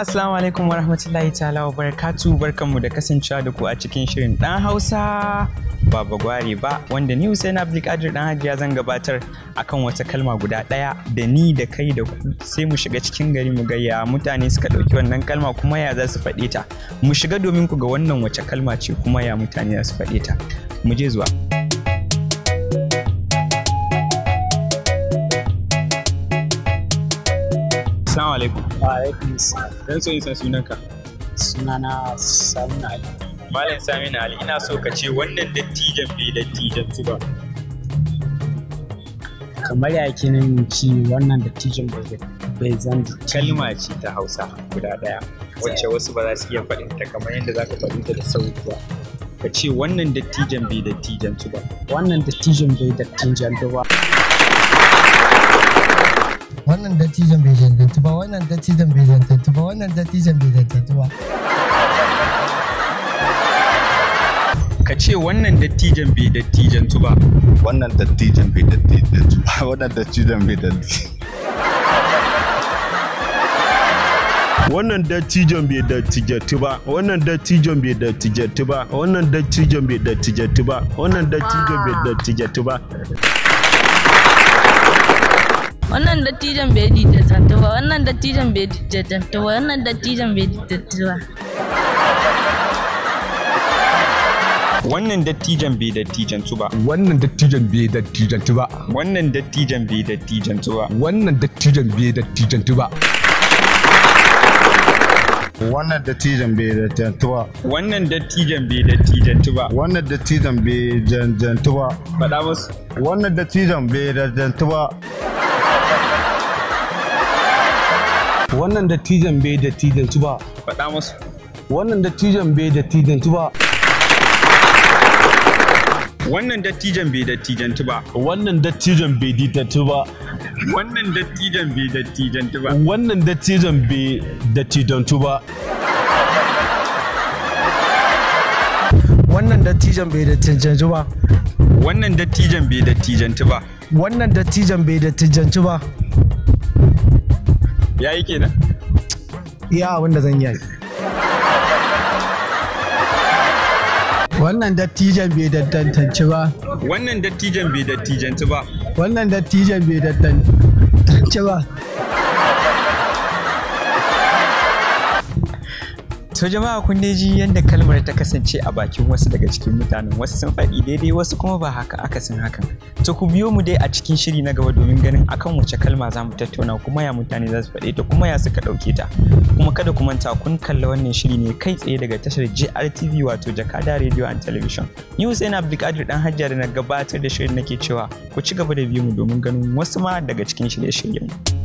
assalamu alaikum wa rahmatullahi ta'ala wa barakatu barkanmu da kasancewa da ku a cikin shirin dan hausa ba gwari ba wanda ni Hussein Abdulkadir dan Hajiya zan gabatar akan wata kalma guda daya da ni da kai da ku sai mu shiga cikin gari mu gayya mutane suka ɗauki wannan kalma kuma ya za su faɗe ta mu shiga domin ku ga wannan wace kalma ce kuma ya mutane za su faɗe ta mu je zuwa Assalamu alaikum. Wa alaikum assalam. Dan so yin san sunanka. Sunana Saminu Ali. Malam Saminu Ali ina so ka ce wannan dattijan bai dattijan ba. Kamar ya ke nan ci wannan dattijan bai zan kalma ce ta Hausa guda daya wacce wasu ba za su iya faɗin ta kamar yadda za ka faɗin ta da sauki ba. Ka ce wannan dattijan bai dattijan ba. Wannan dattijan bai dattijan ba. wannan dattijan bai jantantu ba wannan dattijan bai jantantu ba wannan dattijan bai jantantu ba ka ce wannan dattijan bai dattijantu ba wannan dattijan bai dattijantu ba wannan dattijan bai dattijantu wannan dattijon bai dattijatti ba wannan dattijon bai dattijatti ba wannan dattijon bai dattijatti ba wannan dattijon bai dattijatti ba wannan dattijan bai da ba wannan dattijan bai da ba wannan dattijan bai da ba wannan dattijan bai dattijan ba wannan dattijan bai dattijan ba wannan dattijan bai dattijan ba wannan dattijan bai dattijan ba wannan dattijan bai dattijantu ba wannan dattijan bai dattijantu ba wannan dattijan bai janjantu ba faɗa musu wannan dattijan bai dattijan ba Wannan dattijan bai ci ba. Faɗa musu. Wannan dattijan bai ci ba. Wannan dattijan bai ci ba. Wannan dattijan bai dattijanci ba. Wannan dattijan bai ci ba. Wannan dattijan bai ci ba. Wannan dattijan bai ci ba. Wannan dattijan bai ci ba. wannan dattijan bai dattijanci ba ya yi kenan iya wanda zan yi wannan dattijan bai dattijanci ba wannan dattijan bai dattijanci ba wannan dattijan bai dattijanci ba To jama'a kun ji yadda kalmar ta kasance a bakin wasu daga cikin mutanen wasu sun faɗi daidai wasu kuma ba haka akasin hakan. To ku biyo mu dai a cikin shiri na gaba domin ganin akan wace kalma za mu tattauna kuma ya mutane za su faɗe ta kuma ya suka ɗauke ta. Kuma kada ku manta kun kalla wannan shiri ne kai tsaye daga tashar GRTV wato Jakada Radio and Television. Ni Hussein Abdulkadir dan Hajja da na gabatar da shirin nake cewa ku ci gaba da biyo mu domin ganin wasu ma daga cikin shirye-shiryen mu.